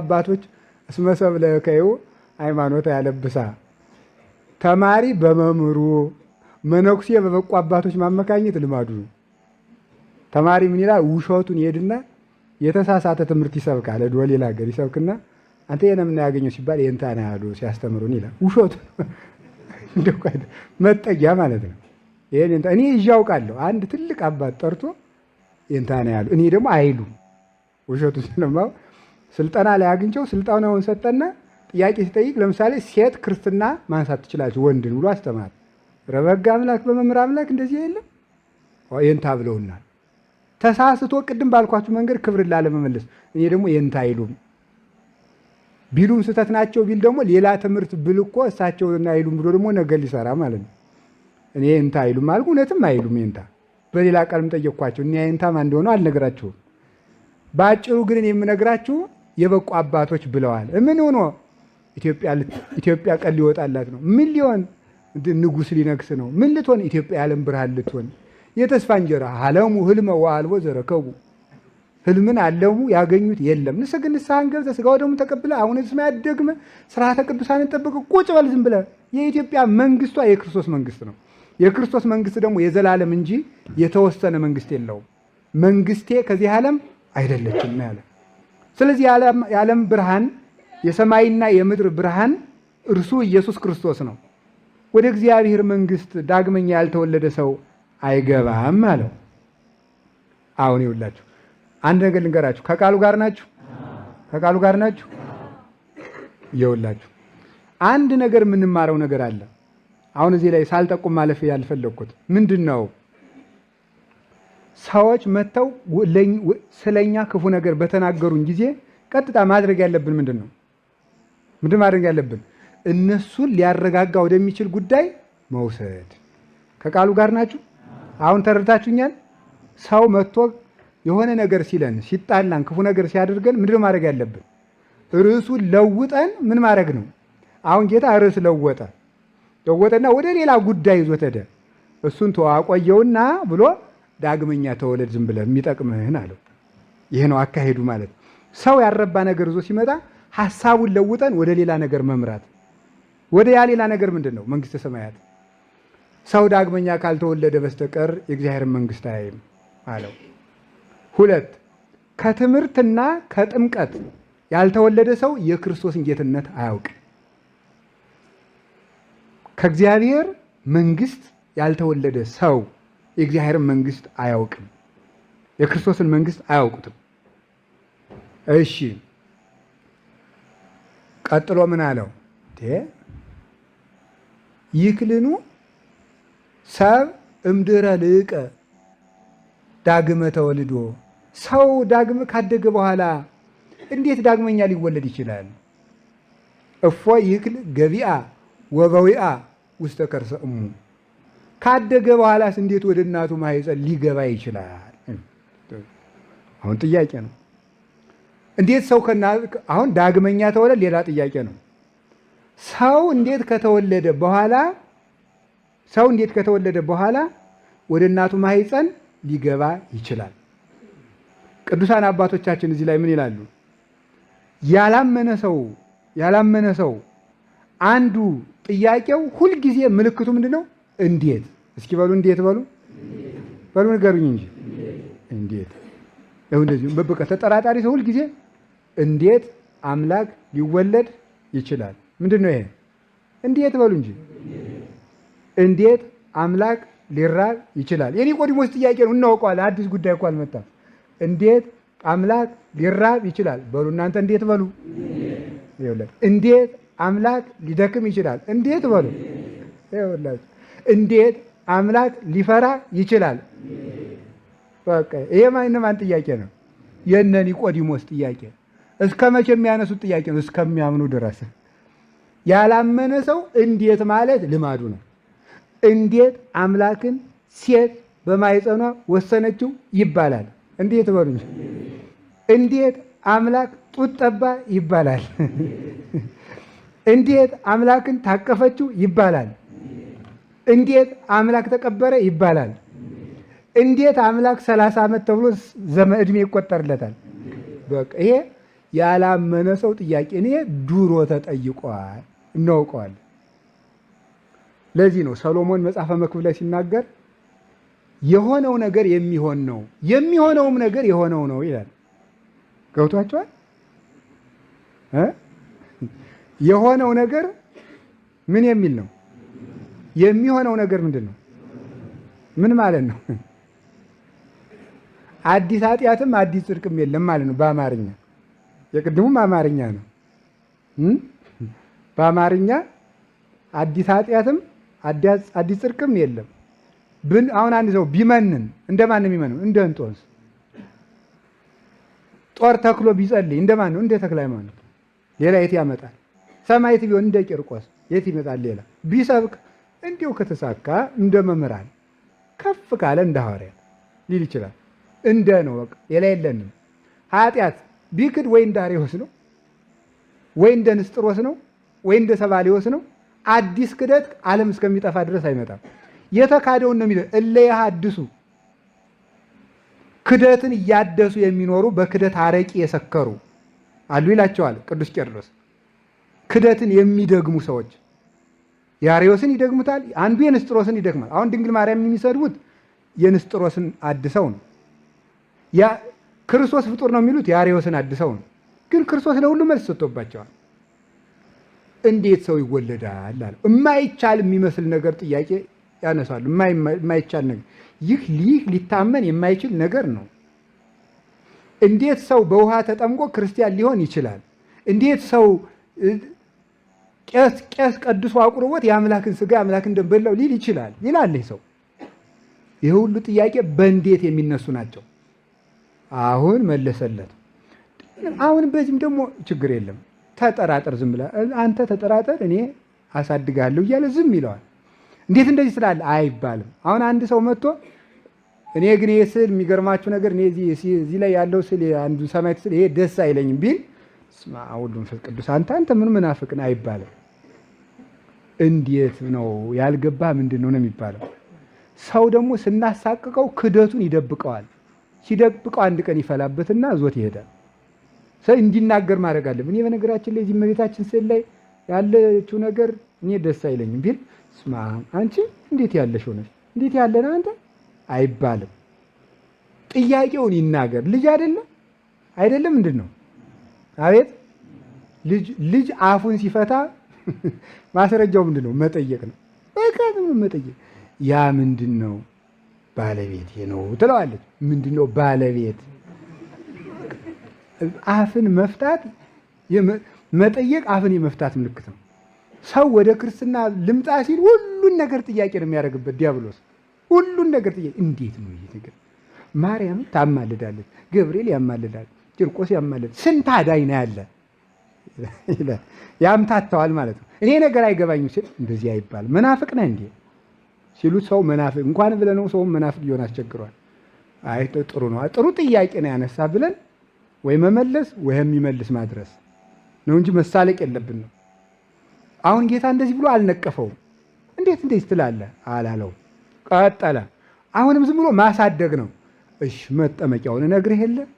አባቶች እስመሰብ ለከዩ ሃይማኖት ያለብሳ ተማሪ በመምህሩ መነኩሴ በበቁ አባቶች ማመካኘት ልማዱ ነው። ተማሪ ምን ይላል? ውሸቱን ይሄድና የተሳሳተ ትምህርት ይሰብካል። ዶ ሌላ ሀገር ይሰብክና አንተ ይሄን ምን ያገኘው ሲባል የእንታና ያሉ ሲያስተምሩን ይላል። ውሸቱ መጠጊያ ማለት ነው። ይሄን እኔ ይዤ አንድ ትልቅ አባት ጠርቶ የእንታና ያሉ እኔ ደግሞ አይሉ ውሸቱ ስለማው ስልጠና ላይ አግኝቸው ስልጠናውን ሰጠና ጥያቄ ሲጠይቅ ለምሳሌ ሴት ክርስትና ማንሳት ትችላለች ወንድን ብሎ አስተማር። ረበጋ አምላክ በመምህር አምላክ እንደዚህ የለም የንታ ብለውናል። ተሳስቶ ቅድም ባልኳችሁ መንገድ ክብር ላለመመለስ እኔ ደግሞ የንታ አይሉም ቢሉም ስህተት ናቸው ቢል ደግሞ ሌላ ትምህርት ብል እኮ እሳቸው አይሉም ብሎ ደግሞ ነገር ሊሰራ ማለት ነው። እኔ የንታ አይሉም አልኩ፣ እውነትም አይሉም የንታ። በሌላ ቀልም ጠየቅኳቸው። እኔ የንታ ማን እንደሆነ በአጭሩ ግን የምነግራችሁ የበቁ አባቶች ብለዋል። ምን ሆኖ ኢትዮጵያ ቀን ሊወጣላት ነው? ምን ሊሆን ንጉሥ ሊነግስ ነው? ምን ልትሆን ኢትዮጵያ የዓለም ብርሃን ልትሆን የተስፋ እንጀራ አለሙ ህልመ ወአልቦ ዘረከቡ ህልምን አለሙ ያገኙት የለም። ንስ ግን ንስሐን ገብተ ስጋው ደግሞ ተቀብለ አሁን ስማ ያደግመ ስርዓተ ቅዱሳንን ጠብቀህ ቁጭ በል ዝም ብለ የኢትዮጵያ መንግስቷ የክርስቶስ መንግስት ነው። የክርስቶስ መንግስት ደግሞ የዘላለም እንጂ የተወሰነ መንግስት የለውም። መንግስቴ ከዚህ ዓለም አይደለችም ያለ ስለዚህ የዓለም ብርሃን የሰማይና የምድር ብርሃን እርሱ ኢየሱስ ክርስቶስ ነው። ወደ እግዚአብሔር መንግሥት ዳግመኛ ያልተወለደ ሰው አይገባም አለው። አሁን ይውላችሁ አንድ ነገር ልንገራችሁ። ከቃሉ ጋር ናችሁ? ከቃሉ ጋር ናችሁ? ይውላችሁ አንድ ነገር የምንማረው ነገር አለ። አሁን እዚህ ላይ ሳልጠቁም ማለፍ ያልፈለግኩት ምንድን ነው? ሰዎች መጥተው ስለኛ ክፉ ነገር በተናገሩን ጊዜ ቀጥታ ማድረግ ያለብን ምንድን ነው? ምንድን ማድረግ ያለብን? እነሱን ሊያረጋጋ ወደሚችል ጉዳይ መውሰድ። ከቃሉ ጋር ናችሁ? አሁን ተረድታችሁኛል? ሰው መጥቶ የሆነ ነገር ሲለን፣ ሲጣላን፣ ክፉ ነገር ሲያደርገን ምንድን ማድረግ ያለብን? ርዕሱን ለውጠን ምን ማድረግ ነው? አሁን ጌታ ርዕስ ለወጠ። ለወጠና ወደ ሌላ ጉዳይ ይዞት ሄደ። እሱን ተዋቆየውና ብሎ ዳግመኛ ተወለድ ዝም ብለህ የሚጠቅምህን አለው። ይህ ነው አካሄዱ ማለት ሰው ያረባ ነገር ይዞ ሲመጣ ሀሳቡን ለውጠን ወደ ሌላ ነገር መምራት። ወደ ያ ሌላ ነገር ምንድን ነው? መንግስተ ሰማያት። ሰው ዳግመኛ ካልተወለደ በስተቀር የእግዚአብሔርን መንግስት አያይም አለው። ሁለት ከትምህርትና ከጥምቀት ያልተወለደ ሰው የክርስቶስን ጌትነት አያውቅ። ከእግዚአብሔር መንግስት ያልተወለደ ሰው የእግዚአብሔርን መንግስት አያውቅም። የክርስቶስን መንግስት አያውቁትም። እሺ ቀጥሎ ምን አለው? ይክልኑ ሰብ እምድረ ልቀ ዳግመ ተወልዶ ሰው ዳግም ካደገ በኋላ እንዴት ዳግመኛ ሊወለድ ይችላል? እፎ ይክል ገቢአ ወበዊአ ውስተ ከርሰ እሙ ካደገ በኋላስ እንዴት ወደ እናቱ ማህፀን ሊገባ ይችላል? አሁን ጥያቄ ነው። እንዴት ሰው አሁን ዳግመኛ ተወለደ? ሌላ ጥያቄ ነው። ሰው እንዴት ከተወለደ በኋላ ሰው እንዴት ከተወለደ በኋላ ወደ እናቱ ማህፀን ሊገባ ይችላል? ቅዱሳን አባቶቻችን እዚህ ላይ ምን ይላሉ? ያላመነ ሰው ያላመነ ሰው አንዱ ጥያቄው ሁልጊዜ ምልክቱ ምንድን ነው? እንዴት እስኪ በሉ እንዴት በሉ በሉ ንገሩኝ እንጂ እንዴት ይሁን እንደዚህ በቃ ተጠራጣሪ ሰው ሁልጊዜ እንዴት አምላክ ሊወለድ ይችላል? ምንድን ነው ይሄ? እንዴት በሉ እንጂ እንዴት አምላክ ሊራብ ይችላል? የኒቆዲሞስ ጥያቄ ነው። እናውቀዋል። አዲስ ጉዳይ እኮ አልመጣም። እንዴት አምላክ ሊራብ ይችላል? በሉ እናንተ እንዴት በሉ። እንዴት አምላክ ሊደክም ይችላል? እንዴት በሉ። እንዴት አምላክ ሊፈራ ይችላል። በቃ ይሄ ማን ጥያቄ ነው? የእነ ኒቆዲሞስ ጥያቄ እስከ መቼ የሚያነሱት ጥያቄ ነው? እስከሚያምኑ ድረስ። ያላመነ ሰው እንዴት ማለት ልማዱ ነው። እንዴት አምላክን ሴት በማይጸኗ ወሰነችው ይባላል። እንዴት በሉኝ። እንዴት አምላክ ጡት ጠባ ይባላል። እንዴት አምላክን ታቀፈችው ይባላል። እንዴት አምላክ ተቀበረ ይባላል? እንዴት አምላክ ሰላሳ ዓመት ተብሎ ዘመ ዕድሜ ይቆጠርለታል? በቃ ይሄ ያላመነ ሰው ጥያቄ እኔ ድሮ ተጠይቋል፣ እናውቀዋል ለዚህ ነው ሰሎሞን መጽሐፈ መክብለ ሲናገር የሆነው ነገር የሚሆን ነው የሚሆነውም ነገር የሆነው ነው ይላል። ገብቷቸዋል። የሆነው ነገር ምን የሚል ነው? የሚሆነው ነገር ምንድን ነው? ምን ማለት ነው? አዲስ ኃጢአትም አዲስ ጽድቅም የለም ማለት ነው በአማርኛ። የቅድሙም አማርኛ ነው። በአማርኛ አዲስ ኃጢአትም አዲስ ጽድቅም የለም። አሁን አንድ ሰው ቢመንን እንደማን ነው የሚመነው? እንደ እንጦንስ ጦር ተክሎ ቢጸልይ ማን ነው? እንደ ተክለ ሃይማኖት። ሌላ የት ያመጣል? ሰማይት ቢሆን እንደ ቂርቆስ የት ይመጣል? ሌላ ቢሰብክ እንዲሁ ከተሳካ እንደ መምህራን ከፍ ካለ እንደ ሐዋርያ ሊል ይችላል። እንደ ነው በቃ ሌላ የለንም። ኃጢአት ቢክድ ወይ እንደ አርዮስ ነው ወይ እንደ ንስጥሮስ ነው ወይ እንደ ሰባሊዮስ ነው። አዲስ ክደት ዓለም እስከሚጠፋ ድረስ አይመጣም። የተካደውን ነው የሚለው እለ አድሱ ክደትን እያደሱ የሚኖሩ በክደት አረቂ የሰከሩ አሉ ይላቸዋል ቅዱስ ቄርሎስ። ክደትን የሚደግሙ ሰዎች የአርዮስን ይደግሙታል፣ አንዱ የንስጥሮስን ይደግማል። አሁን ድንግል ማርያም የሚሰድቡት የንስጥሮስን አድሰው ነው። ያ ክርስቶስ ፍጡር ነው የሚሉት የአርዮስን አድሰው ነው። ግን ክርስቶስ ለሁሉ መልስ ሰጥቶባቸዋል። እንዴት ሰው ይወለዳል አለ። የማይቻል የሚመስል ነገር ጥያቄ ያነሳሉ። የማይቻል ነገር ይህ ይህ ሊታመን የማይችል ነገር ነው። እንዴት ሰው በውሃ ተጠምቆ ክርስቲያን ሊሆን ይችላል? እንዴት ሰው ቄስ ቄስ ቀድሶ አቁርቦት የአምላክን ስጋ የአምላክን ደም በላው ሊል ይችላል ይላል ሰው። ይህ ሁሉ ጥያቄ በእንዴት የሚነሱ ናቸው። አሁን መለሰለት። አሁን በዚህም ደግሞ ችግር የለም ተጠራጠር፣ ዝም ብለህ አንተ ተጠራጠር፣ እኔ አሳድጋለሁ እያለ ዝም ይለዋል። እንዴት እንደዚህ ስላለ አይባልም። አሁን አንድ ሰው መጥቶ እኔ ግን ይህ ስል የሚገርማችሁ ነገር እዚህ ላይ ያለው ስል አንዱ ሰማይት ስል ይሄ ደስ አይለኝም ቢል ስማ መንፈስ ቅዱስ አንተ አንተ ምን ምናፍቅን አይባልም። እንዴት ነው ያልገባ ምንድን ነው ነው የሚባለው። ሰው ደግሞ ስናሳቅቀው ክደቱን ይደብቀዋል። ሲደብቀው አንድ ቀን ይፈላበትና ዞት ይሄዳል። ሰው እንዲናገር ማድረግ አለ እኔ በነገራችን ላይ እዚህ እመቤታችን ስዕል ላይ ያለችው ነገር እኔ ደስ አይለኝም ቢል ስማ አንቺ እንዴት ያለሽ ሆነሽ እንዴት ያለን አንተ አይባልም። ጥያቄውን ይናገር። ልጅ አይደለም አይደለም ምንድን ነው አቤት ልጅ ልጅ አፉን ሲፈታ ማስረጃው ምንድን ነው? መጠየቅ ነው። በቃ መጠየቅ። ያ ምንድን ነው? ባለቤቴ ነው ትለዋለች። ምንድን ነው ባለቤት? አፍን መፍታት መጠየቅ አፍን የመፍታት ምልክት ነው። ሰው ወደ ክርስትና ልምጣ ሲል ሁሉን ነገር ጥያቄ ነው የሚያደርግበት ዲያብሎስ። ሁሉን ነገር ጥያቄ እንዴት ነው ይሄ ነገር? ማርያም ታማልዳለች፣ ገብርኤል ያማልዳል፣ ጭርቆስ ያመልጥ ስንት አዳኝ ነው ያለ ያምታተዋል ማለት ነው። እኔ ነገር አይገባኝ ሲል እንደዚህ አይባል መናፍቅ ነህ እንዴ ሲሉት ሰው መናፍቅ እንኳን ብለን ነው ሰውን መናፍቅ ሊሆን አስቸግሯል። አይ ጥሩ ነው ጥሩ ጥያቄ ነው ያነሳ ብለን ወይ መመለስ ወይ የሚመልስ ማድረስ ነው እንጂ መሳለቅ የለብን ነው። አሁን ጌታ እንደዚህ ብሎ አልነቀፈውም። እንዴት እንዴት ትላለህ አላለው። ቀጠለ። አሁንም ዝም ብሎ ማሳደግ ነው። እሺ መጠመቂያውን እነግርህ የለን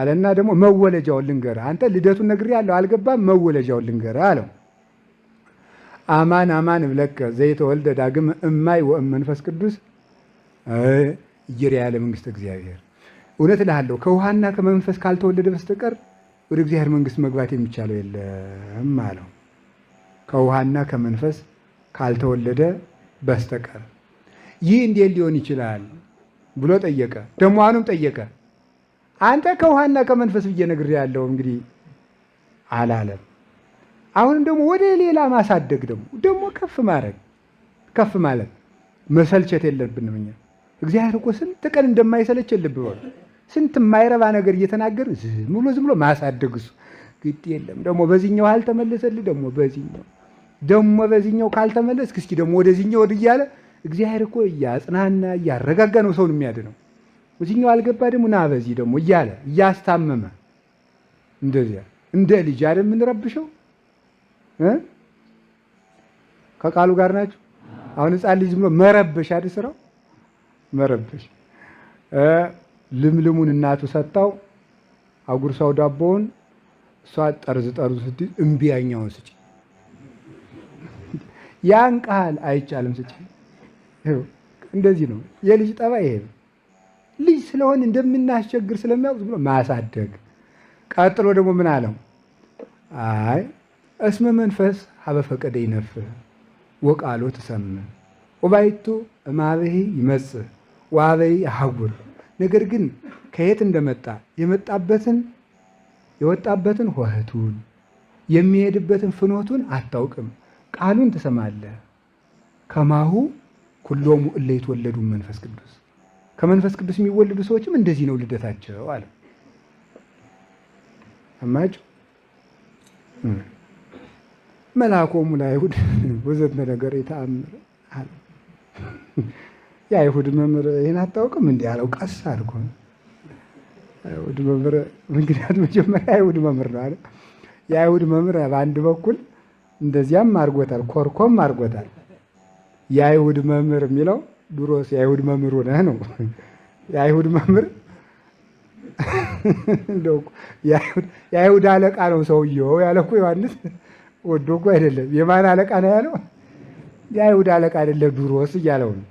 አለና ደግሞ መወለጃውን ልንገርህ። አንተ ልደቱን ነግሬሃለሁ አልገባም፣ መወለጃውን ልንገርህ አለው። አማን አማን እብለከ ዘይተወልደ ዳግም እማይ መንፈስ ቅዱስ እየሪያ ያለ መንግስት እግዚአብሔር። እውነት እልሃለሁ ከውሃና ከመንፈስ ካልተወለደ በስተቀር ወደ እግዚአብሔር መንግስት መግባት የሚቻለው የለም አለው። ከውሃና ከመንፈስ ካልተወለደ በስተቀር ይህ እንዴት ሊሆን ይችላል ብሎ ጠየቀ። ደግሞ አሁንም ጠየቀ። አንተ ከውሃና ከመንፈስ ብዬ ነግር ያለው እንግዲህ አላለም። አሁንም ደግሞ ወደ ሌላ ማሳደግ ደግሞ ደግሞ ከፍ ማድረግ ከፍ ማለት መሰልቸት የለብንም እኛ እግዚአብሔር እኮ ስንት ቀን እንደማይሰለች ልብ በሉ። ስንት የማይረባ ነገር እየተናገር ዝም ብሎ ዝም ብሎ ማሳደግ እሱ ግድ የለም። ደግሞ በዚህኛው አልተመለሰልህ ደግሞ በዚህኛው ደግሞ በዚህኛው ካልተመለስክ እስኪ ደግሞ ወደዚህኛው ወድ እያለ እግዚአብሔር እኮ እያጽናና እያረጋጋ ነው ሰውን የሚያድነው። እዚህኛው አልገባ ደግሞ ና በዚህ ደግሞ እያለ እያስታመመ እንደዚያ እንደ ልጅ አይደል የምንረብሸው እ ከቃሉ ጋር ናቸው። አሁን ህፃን ልጅ ብሎ መረበሽ አይደል ስራው መረበሽ። ልምልሙን እናቱ ሰጣው፣ አጉርሳው ዳቦውን፣ እሷ ጠርዝ ጠርዙ ስትይ እምቢ ስጭ ስጪ፣ ያን ቃል አይቻልም ስጭ። እንደዚህ ነው የልጅ ጠባይ ይሄ ነው። ልጅ ስለሆን እንደምናስቸግር ስለሚያውቅ ብሎ ማሳደግ። ቀጥሎ ደግሞ ምን አለው? አይ እስመ መንፈስ ሀበፈቀደ ይነፍህ ወቃሎ ትሰምዕ ወባይቱ እማበሄ ይመጽህ ዋበይ አህጉር። ነገር ግን ከየት እንደመጣ የመጣበትን የወጣበትን ሆህቱን የሚሄድበትን ፍኖቱን አታውቅም። ቃሉን ትሰማለህ። ከማሁ ኩሎሙ እለ ይትወለዱ መንፈስ ቅዱስ ከመንፈስ ቅዱስ የሚወለዱ ሰዎችም እንደዚህ ነው ልደታቸው አለ። አማጭ መልአኮሙ ለአይሁድ ወዘት ነገር የተአምር አለ። የአይሁድ መምህር ይህን አታውቅም እንዲህ አለው። ቀስ አድርጎ አይሁድ መምህር ምክንያት መጀመሪያ አይሁድ መምህር ነው አለ። የአይሁድ መምህር በአንድ በኩል እንደዚያም አድርጎታል፣ ኮርኮም አድርጎታል። የአይሁድ መምህር የሚለው ድሮስ የአይሁድ መምህር ሆነህ ነው። የአይሁድ መምህር የአይሁድ አለቃ ነው ሰውየው ያለ እኮ ዮሐንስ ወዶ እኮ አይደለም። የማን አለቃ ነው ያለው? የአይሁድ አለቃ አይደለ ድሮስ እያለው ነው።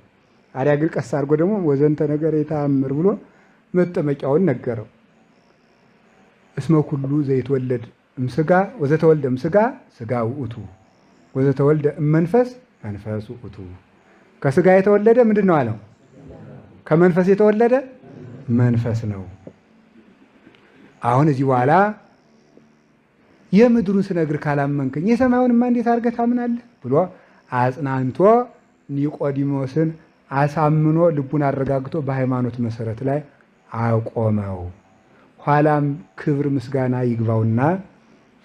አዲያ ግን ቀስ አድርጎ ደግሞ ወዘንተ ነገር የተአምር ብሎ መጠመቂያውን ነገረው። እስመ ኩሉ ዘይትወለድ እምስጋ ወዘተወልደ እምስጋ ስጋ ውእቱ ወዘተወልደ እመንፈስ መንፈስ ውእቱ ከስጋ የተወለደ ምንድን ነው አለው? ከመንፈስ የተወለደ መንፈስ ነው። አሁን እዚህ በኋላ የምድሩን ስነግር ካላመንከኝ የሰማዩንማ እንዴት አድርገህ ታምናለህ ብሎ አጽናንቶ ኒቆዲሞስን አሳምኖ ልቡን አረጋግቶ በሃይማኖት መሰረት ላይ አቆመው። ኋላም ክብር ምስጋና ይግባውና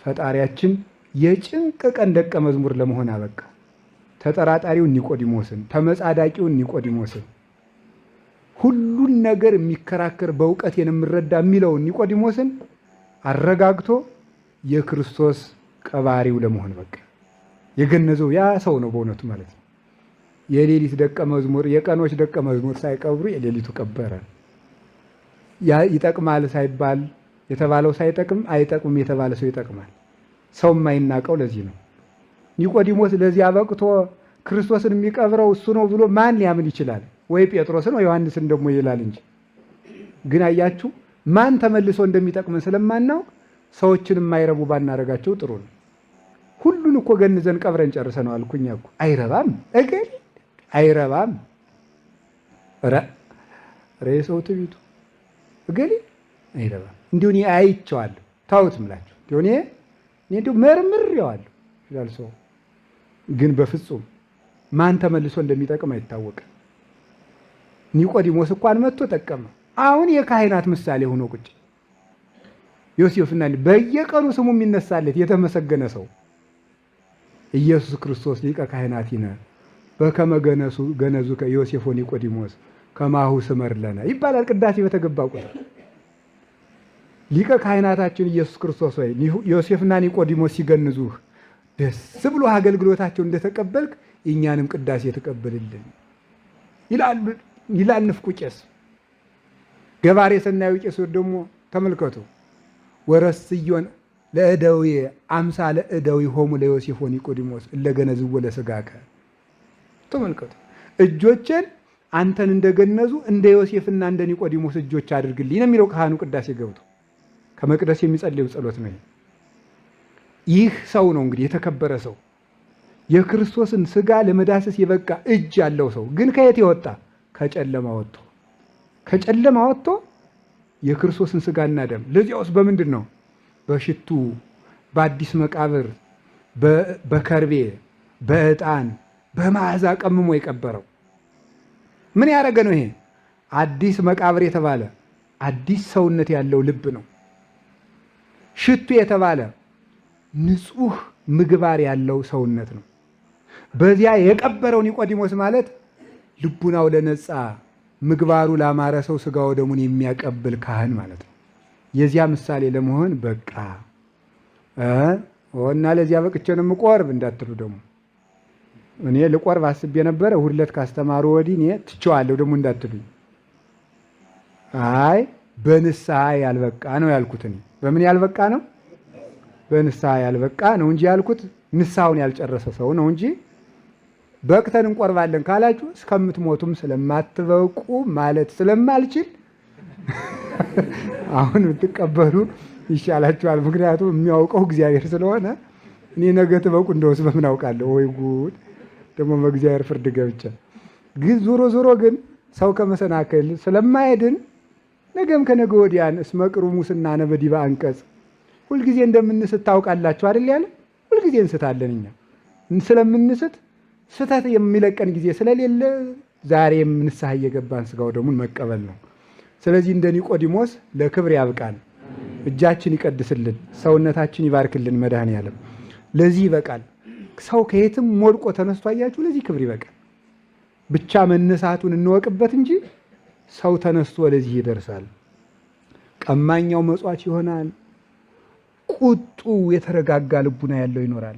ፈጣሪያችን የጭንቅ ቀን ደቀ መዝሙር ለመሆን አበቃ። ተጠራጣሪውን ኒቆዲሞስን፣ ተመጻዳቂውን ኒቆዲሞስን፣ ሁሉን ነገር የሚከራከር በእውቀት የምረዳ የሚለውን ኒቆዲሞስን አረጋግቶ የክርስቶስ ቀባሪው ለመሆን በቃ የገነዘው ያ ሰው ነው በእውነቱ ማለት ነው። የሌሊት ደቀ መዝሙር የቀኖች ደቀ መዝሙር ሳይቀብሩ የሌሊቱ ቀበረ። ይጠቅማል ሳይባል የተባለው ሳይጠቅም አይጠቅምም የተባለ ሰው ይጠቅማል። ሰው የማይናቀው ለዚህ ነው። ኒቆዲሞስ ለዚያ በቅቶ ክርስቶስን የሚቀብረው እሱ ነው ብሎ ማን ሊያምን ይችላል? ወይ ጴጥሮስን ወይ ዮሐንስን ደግሞ ይላል እንጂ። ግን አያችሁ ማን ተመልሶ እንደሚጠቅመን ስለማናውቅ ሰዎችን የማይረቡ ባናረጋቸው ጥሩ ነው። ሁሉን እኮ ገንዘን ቀብረን ጨርሰነዋል። አልኩኝ እኮ አይረባም፣ እገል አይረባም። ኧረ የሰው ትቢቱ እገሌ አይረባም። እንዲሁ እኔ አይቼዋለሁ። ታውት ምላቸው እንዲሁ እኔ እኔ እንዲሁ መርምሬዋለሁ ይላል ሰው ግን በፍጹም ማን ተመልሶ እንደሚጠቅም አይታወቅም። ኒቆዲሞስ እንኳን መጥቶ ጠቀመ። አሁን የካህናት ምሳሌ ሆኖ ቁጭ ዮሴፍና በየቀኑ ስሙ የሚነሳለት የተመሰገነ ሰው ኢየሱስ ክርስቶስ ሊቀ ካህናቲነ በከመ ገነሱ ገነዙ ከዮሴፎ ኒቆዲሞስ ከማሁ ስመርለነ ይባላል። ቅዳሴ በተገባ ቁጥር ሊቀ ካህናታችን ኢየሱስ ክርስቶስ ወይ ዮሴፍና ኒቆዲሞስ ሲገንዙህ ደስ ብሎ አገልግሎታቸው እንደተቀበልክ እኛንም ቅዳሴ ተቀበልልን ይላል ንፍቁ ቄስ ገባሬ ሰናዩ ቄስ ደግሞ ተመልከቱ። ወረስዮን ለእደዊ አምሳ ለእደዊ ሆሙ ለዮሴፍ ወኒቆዲሞስ እለገነዝዎ ለስጋከ። ተመልከቱ። እጆችን አንተን እንደገነዙ እንደ ዮሴፍና እንደ ኒቆዲሞስ እጆች አድርግልኝ ነው የሚለው ካህኑ ቅዳሴ ገብቶ ከመቅደስ የሚጸልዩ ጸሎት ነው። ይህ ሰው ነው እንግዲህ የተከበረ ሰው የክርስቶስን ስጋ ለመዳሰስ የበቃ እጅ ያለው ሰው ግን ከየት የወጣ ከጨለማ ወጥቶ ከጨለማ ወጥቶ የክርስቶስን ስጋና ደም ለዚያውስ በምንድን ነው በሽቱ በአዲስ መቃብር በከርቤ በዕጣን በመዓዛ ቀምሞ የቀበረው ምን ያደረገ ነው ይሄ አዲስ መቃብር የተባለ አዲስ ሰውነት ያለው ልብ ነው ሽቱ የተባለ ንጹህ ምግባር ያለው ሰውነት ነው። በዚያ የቀበረው ኒቆዲሞስ ማለት ልቡናው ለነጻ ምግባሩ ላማረ ሰው ስጋው ደሙን የሚያቀብል ካህን ማለት ነው። የዚያ ምሳሌ ለመሆን በቃ እና ለዚያ በቅቼ ነው የምቆርብ እንዳትሉ ደግሞ እኔ ልቆርብ አስቤ ነበረ እሑድ ዕለት ካስተማሩ ወዲህ እኔ ትቼዋለሁ ደግሞ እንዳትሉኝ። አይ በንስሐ ያልበቃ ነው ያልኩት እኔ በምን ያልበቃ ነው በንስሐ ያልበቃ ነው እንጂ ያልኩት ንስሐውን ያልጨረሰ ሰው ነው እንጂ በቅተን እንቆርባለን ካላችሁ እስከምትሞቱም ስለማትበቁ ማለት ስለማልችል አሁን ብትቀበሉ ይሻላችኋል። ምክንያቱም የሚያውቀው እግዚአብሔር ስለሆነ እኔ ነገ ትበቁ እንደውስ በምን አውቃለሁ? ወይ ጉድ! ደግሞ በእግዚአብሔር ፍርድ ገብቼ ግን ዞሮ ዞሮ ግን ሰው ከመሰናከል ስለማይድን ነገም ከነገ ወዲያን እስመ ሙስና ነበዲበ አንቀጽ ሁልጊዜ እንደምንስት ታውቃላችሁ አይደል? ያለ ሁልጊዜ እንስታለን። እኛ ስለምንስት ስተት የሚለቀን ጊዜ ስለሌለ ዛሬ የምንስሐ እየገባን ስጋው ደሙን መቀበል ነው። ስለዚህ እንደ ኒቆዲሞስ ለክብር ያብቃል እጃችን ይቀድስልን፣ ሰውነታችን ይባርክልን። መድኃኔዓለም ለዚህ ይበቃል። ሰው ከየትም ወድቆ ተነስቶ አያችሁ፣ ለዚህ ክብር ይበቃል። ብቻ መነሳቱን እንወቅበት እንጂ ሰው ተነስቶ ለዚህ ይደርሳል። ቀማኛው መጽዋች ይሆናል። ቁጡ የተረጋጋ ልቡና ያለው ይኖራል።